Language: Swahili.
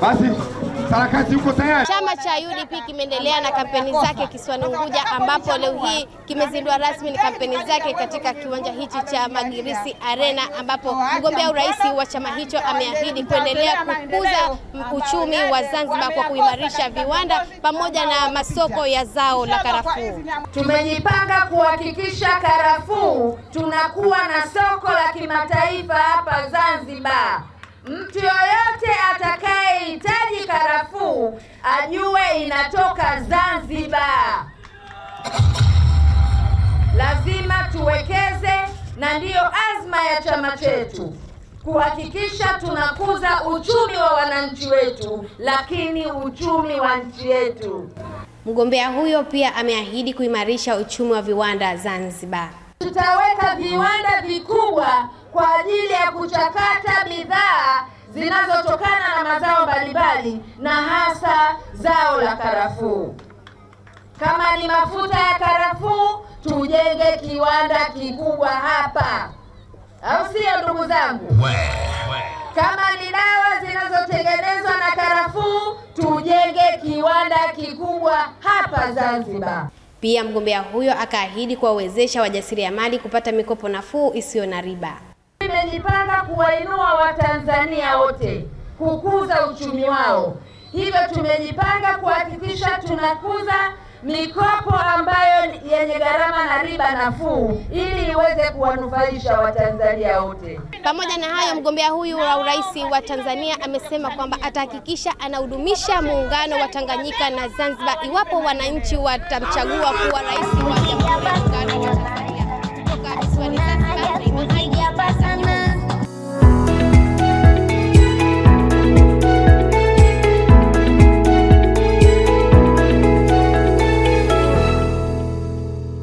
Basi sarakati uko tayari. Chama cha UDP kimeendelea na kampeni zake kisiwani Unguja, ambapo leo hii kimezindua rasmi kampeni zake katika kiwanja hichi cha Magirisi Arena, ambapo mgombea urais wa chama hicho ameahidi kuendelea kukuza uchumi wa Zanzibar kwa kuimarisha viwanda pamoja na masoko ya zao la karafuu. Tumejipanga kuhakikisha karafuu tunakuwa na soko la kimataifa hapa Zanzibar. Mtu yoyote atakaye ajue inatoka Zanzibar. Lazima tuwekeze, na ndiyo azma ya chama chetu kuhakikisha tunakuza uchumi wa wananchi wetu, lakini uchumi wa nchi yetu. Mgombea huyo pia ameahidi kuimarisha uchumi wa viwanda Zanzibar. Tutaweka viwanda vikubwa kwa ajili ya kuchakata bidhaa zinazotokana na mazao mbalimbali na hasa zao la karafuu. Kama ni mafuta ya karafuu, tujenge kiwanda kikubwa hapa, au sio, ndugu zangu? Kama ni dawa zinazotengenezwa na karafuu, tujenge kiwanda kikubwa hapa Zanzibar. Pia mgombea huyo akaahidi kuwawezesha wajasiriamali kupata mikopo nafuu isiyo na riba imejipanga kuwainua Watanzania wote, kukuza uchumi wao. Hivyo tumejipanga kuhakikisha tunakuza mikopo ambayo yenye gharama na riba nafuu ili iweze kuwanufaisha Watanzania wote. Pamoja na hayo, mgombea huyu wa urais wa Tanzania amesema kwamba atahakikisha anahudumisha muungano wa Tanganyika na Zanzibar iwapo wananchi watamchagua kuwa rais wa Jamhuri.